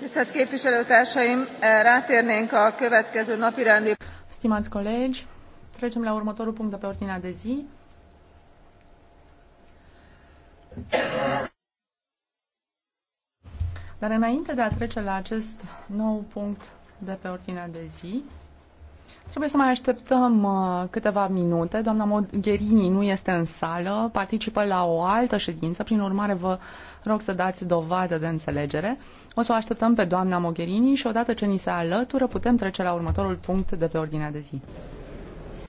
Tisztelt képviselőtársaim, eh, rátérnénk a következő napi rendi... Stimați colegi, trecem la următorul punct de pe ordinea de zi. Dar înainte de a trece la acest nou punct de pe ordinea de zi, Trebuie să mai așteptăm uh, câteva minute. Doamna Mogherini nu este în sală, participă la o altă ședință, prin urmare vă rog să dați dovadă de înțelegere. O să o așteptăm pe doamna Mogherini și odată ce ni se alătură putem trece la următorul punct de pe ordinea de zi.